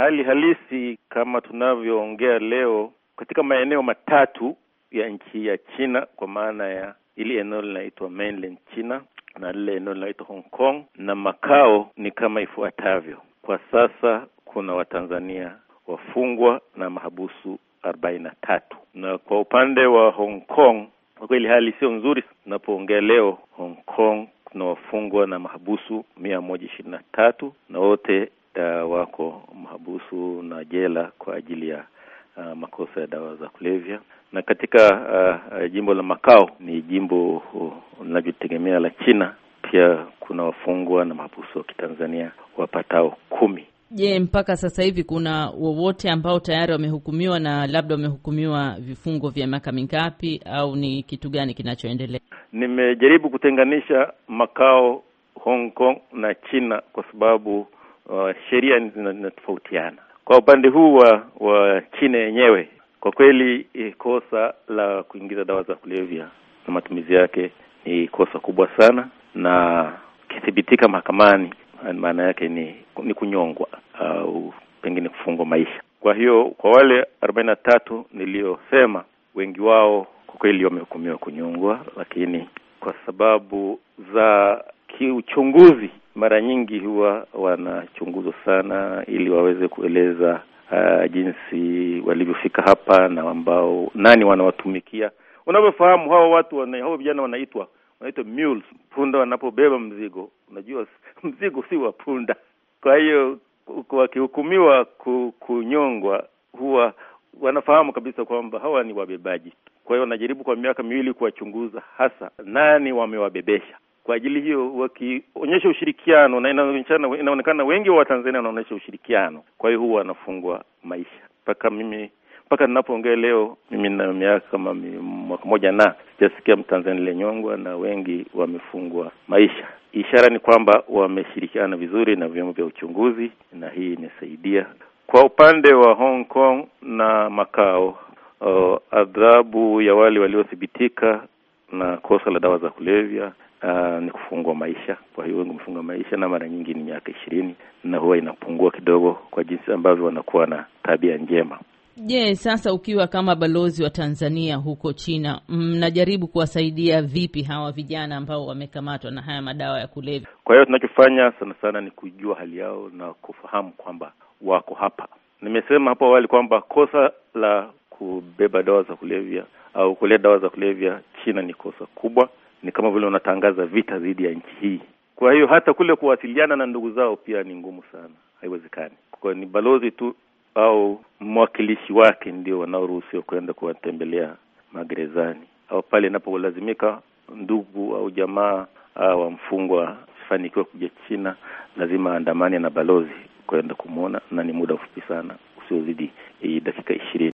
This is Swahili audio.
Hali halisi kama tunavyoongea leo katika maeneo matatu ya nchi ya China, kwa maana ya ili eneo linaitwa mainland China na lile eneo linaloitwa Hong Kong na Macau, ni kama ifuatavyo. Kwa sasa kuna Watanzania wafungwa na mahabusu arobaini na tatu, na kwa upande wa Hong Kong kwa kweli hali sio nzuri. Tunapoongea leo Hong Kong kuna wafungwa na mahabusu mia moja ishirini na tatu na wote wako mahabusu na jela kwa ajili ya uh, makosa ya dawa za kulevya. Na katika uh, uh jimbo la makao ni jimbo linavyotegemea uh, la China, pia kuna wafungwa na mahabusu wa Kitanzania wapatao kumi. Je, mpaka sasa hivi kuna wowote ambao tayari wamehukumiwa na labda wamehukumiwa vifungo vya miaka mingapi au ni kitu gani kinachoendelea? Nimejaribu kutenganisha makao Hong Kong na China kwa sababu uh, sheria zinatofautiana. Kwa upande huu wa wa China yenyewe, kwa kweli eh, kosa la kuingiza dawa za kulevya na matumizi yake ni kosa kubwa sana, na kithibitika mahakamani, maana yake ni ni kunyongwa au pengine kufungwa maisha. Kwa hiyo kwa wale arobaini na tatu niliyosema, wengi wao kwa kweli wamehukumiwa kunyongwa, lakini kwa sababu za kiuchunguzi mara nyingi huwa wanachunguzwa sana ili waweze kueleza uh, jinsi walivyofika hapa na ambao nani wanawatumikia. Unavyofahamu hawa watu wana, hawa vijana wanaitwa wanaitwa mules, punda wanapobeba mzigo. Unajua mzigo si wa punda, kwa hiyo wakihukumiwa kunyongwa huwa wanafahamu kabisa kwamba hawa ni wabebaji. Kwa hiyo wanajaribu kwa miaka miwili kuwachunguza hasa nani wamewabebesha. Kwa ajili hiyo wakionyesha ushirikiano, na inaonekana wengi wa Watanzania wanaonyesha ushirikiano, kwa hiyo huwa wanafungwa maisha mpaka mimi mpaka ninapoongea leo, mimi na miaka kama mwaka moja na sijasikia Mtanzania lenyongwa, na wengi wamefungwa maisha. Ishara ni kwamba wameshirikiana vizuri na vyombo vya uchunguzi, na hii inasaidia. Kwa upande wa Hong Kong na Macau, uh, adhabu ya wale waliothibitika na kosa la dawa za kulevya Uh, ni kufungwa maisha. Kwa hiyo wengi maisha, na mara nyingi ni miaka ishirini, na huwa inapungua kidogo kwa jinsi ambavyo wanakuwa na tabia njema. Je, yes, sasa ukiwa kama balozi wa Tanzania huko China, mm, mnajaribu kuwasaidia vipi hawa vijana ambao wamekamatwa na haya madawa ya kulevya? Kwa hiyo tunachofanya sana sana ni kujua hali yao na kufahamu kwamba wako hapa. Nimesema hapo awali kwamba kosa la kubeba dawa za kulevya au kulea dawa za kulevya China ni kosa kubwa, ni kama vile wanatangaza vita dhidi ya nchi hii. Kwa hiyo hata kule kuwasiliana na ndugu zao pia ni ngumu sana, haiwezekani. Kwa ni balozi tu au mwakilishi wake ndio wanaoruhusiwa kwenda kuwatembelea magerezani au pale inapolazimika. Ndugu au jamaa ah, wa mfungwa fanikiwa kuja China, lazima aandamane na balozi kwenda kumwona, na ni muda mfupi sana usiozidi eh, dakika ishirini.